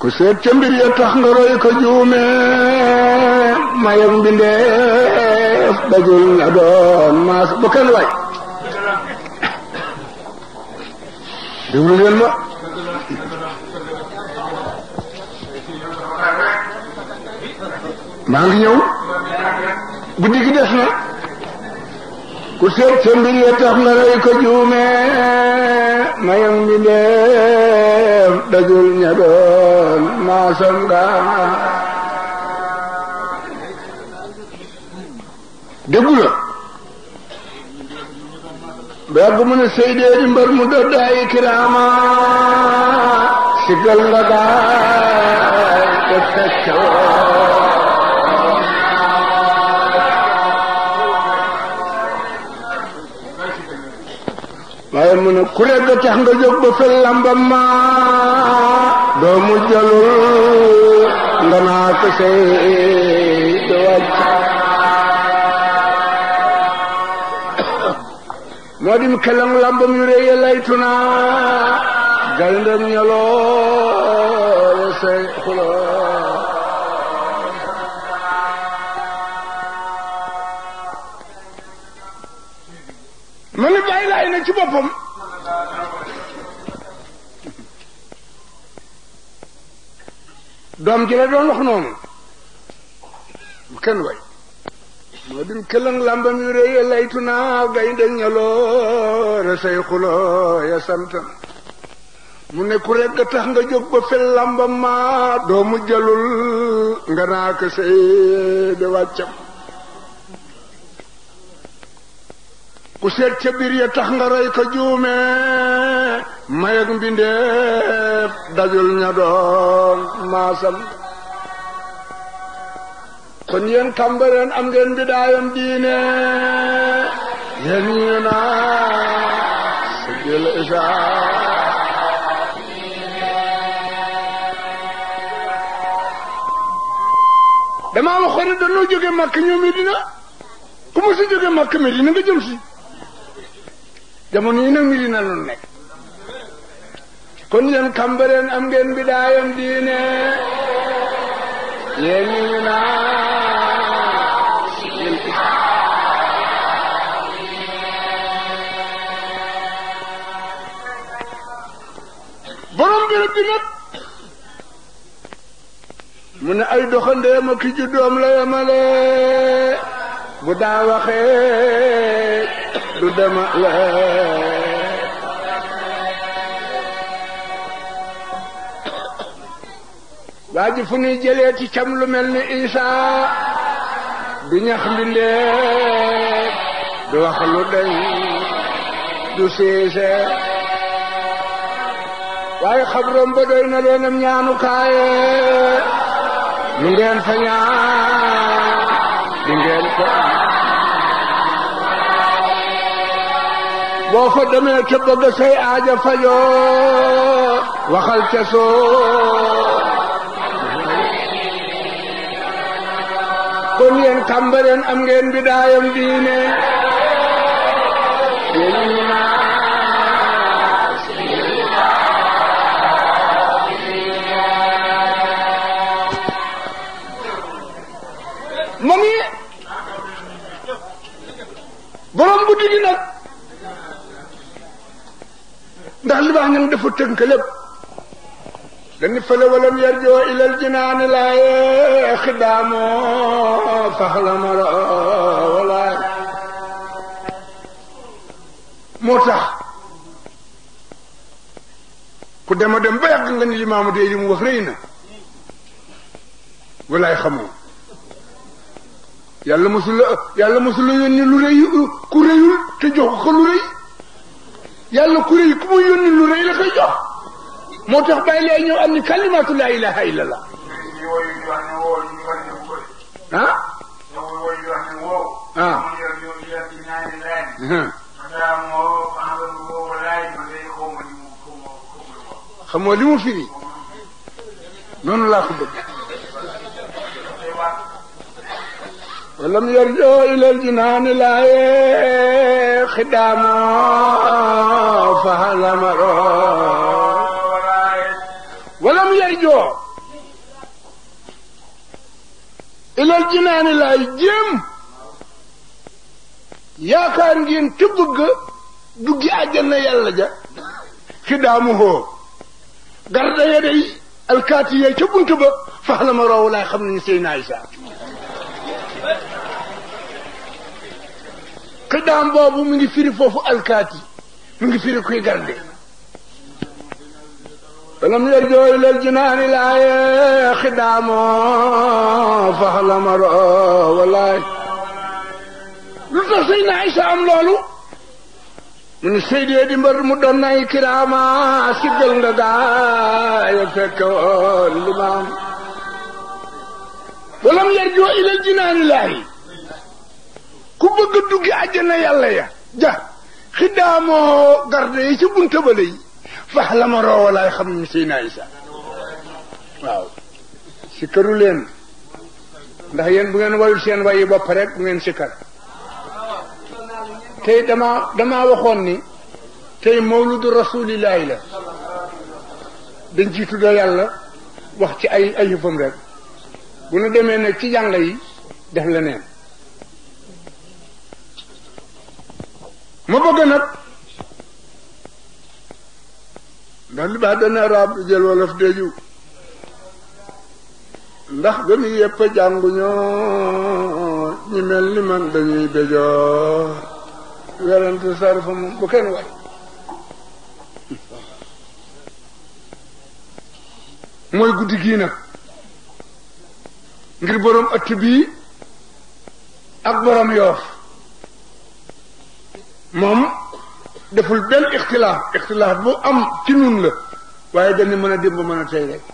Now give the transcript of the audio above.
ku seet ca mbir ya tax nga roy ko juume mayam mbindeef dajul na doon maas bu kenn waay déglu leen ma maa ngi ñëw guddi gi des na ku seet sa mbir ya tax nga rey ko juumee mayam bi ndeem dajul ña doon maasam gaama mu ne seydee di mbar mu doddaay kiraama sigal gaay ko fecca waaye mu ne ku rek tax nga jóg ba fël lamba ma doomu jalul nga naa sey te wàcc moo dim kelang lambam yu réy laytu naa gandem ñoloo say xuloo mu ni bàyyi laay na ci boppam doom ji la doon wax noonu bu kenn way moo dim këlang làmbam yu rëy laytu naa gaynde ñaloore say xuloo ya santam mu ne ku rekk tax nga jóg ba fel làmbam ma doomu jalul nga naa ko say de wàccam ku seet ca biir ya tax nga roy ko juume mayag mbindeef dajul ña doon maasam kon yéen kambareen am ngeen bidaayam diine yéen ñu naa sigil isaa damaa waxoon ne dañoo jóge màkk ñoo Medina ku ma si jóge màkk Medina nga jëm jamono yi nag mi dina lu kon yéen kambareen am ngeen bidaayam diine yéen ñu naan yéen borom birëb bi nag mu ne ay doxandeem ak ki juddoom la yemale bu daa waxee حدود مأواه waaji fu nuy jëlee ci cam lu mel ni Isa du ñax mbindeef du wax lu dañ du siise waaye xabrom ba doy na leenam ñaanu kaaye lu ngeen fa ñaan di ngeen ko am bo ko deme ci bëgg say aaja fajo waxal ca so kon yeen kambaleen am ngeen bi diine ndax li baax ngeen dafa tënk lépp dañu fële walam yarjoo ilal jinaani laaye xidaamoo faxlamara walaay moo tax ku dema dem ba yàgg nga ni limaamu dee li wax rëy na walaay xamoo yàlla mosul yàlla mosul yónni lu rëy ku rëyul te jox ko lu rëy yàlla kuréel ku muy lu reey la koy jox motax bay lay ñëw andi kalimatu la ilaha illa allah ha ha xamoo li mu firi noonu laa ko bëgg ولم يرجو إلى الجنان لا خداما فهل مرو ولم يرجو إلى الجنان لا يجم yaakaar ngeen te bëgg a dugg àjjana yàlla ja xidaamu hoo garda ya day alkaati yee ca bunt ba faxla ma roow laay xam nañu seen ay saa xidaam boobu mu ngi firi foofu alkaati mu ngi firi kuy garde walam yarjoo ilal jinaani laaye xidaamoo faxlamaroo walaay lu tax sëy na Aïcha am loolu mu ne Seydee di mbër mu doon nay kiraama siggal nga gaaya fekk woon limaam walam yarjoo ilal jinaani laaye ku bëgg a duggi àjjana yàlla ya ja xiddaamoo garde yi ci bunta bale yi fax la ma xam ne si waaw si leen ndax yéen bu ngeen wayul seen wayi bopp rek bu ngeen si kar tey dama damaa waxoon ni tey mawludu rasulillahi la dañ ciy tuddee yàlla wax ci ay ay yëfam rek bu nu demee nag ci jàng yi def leneen ma bëgg nag ndax li baax dana arab jël wolof déju ndax gënu yépp jànguñoo ñi mel ni man dañuy béjoo werante sarfa moom bu kenn waay mooy guddi gii nag ngir borom ëtt bii ak borom yoof moom deful benn ixtilaaf ixtilaaf bu am ci nun la waaye dañu mën a dimb mën a tey rek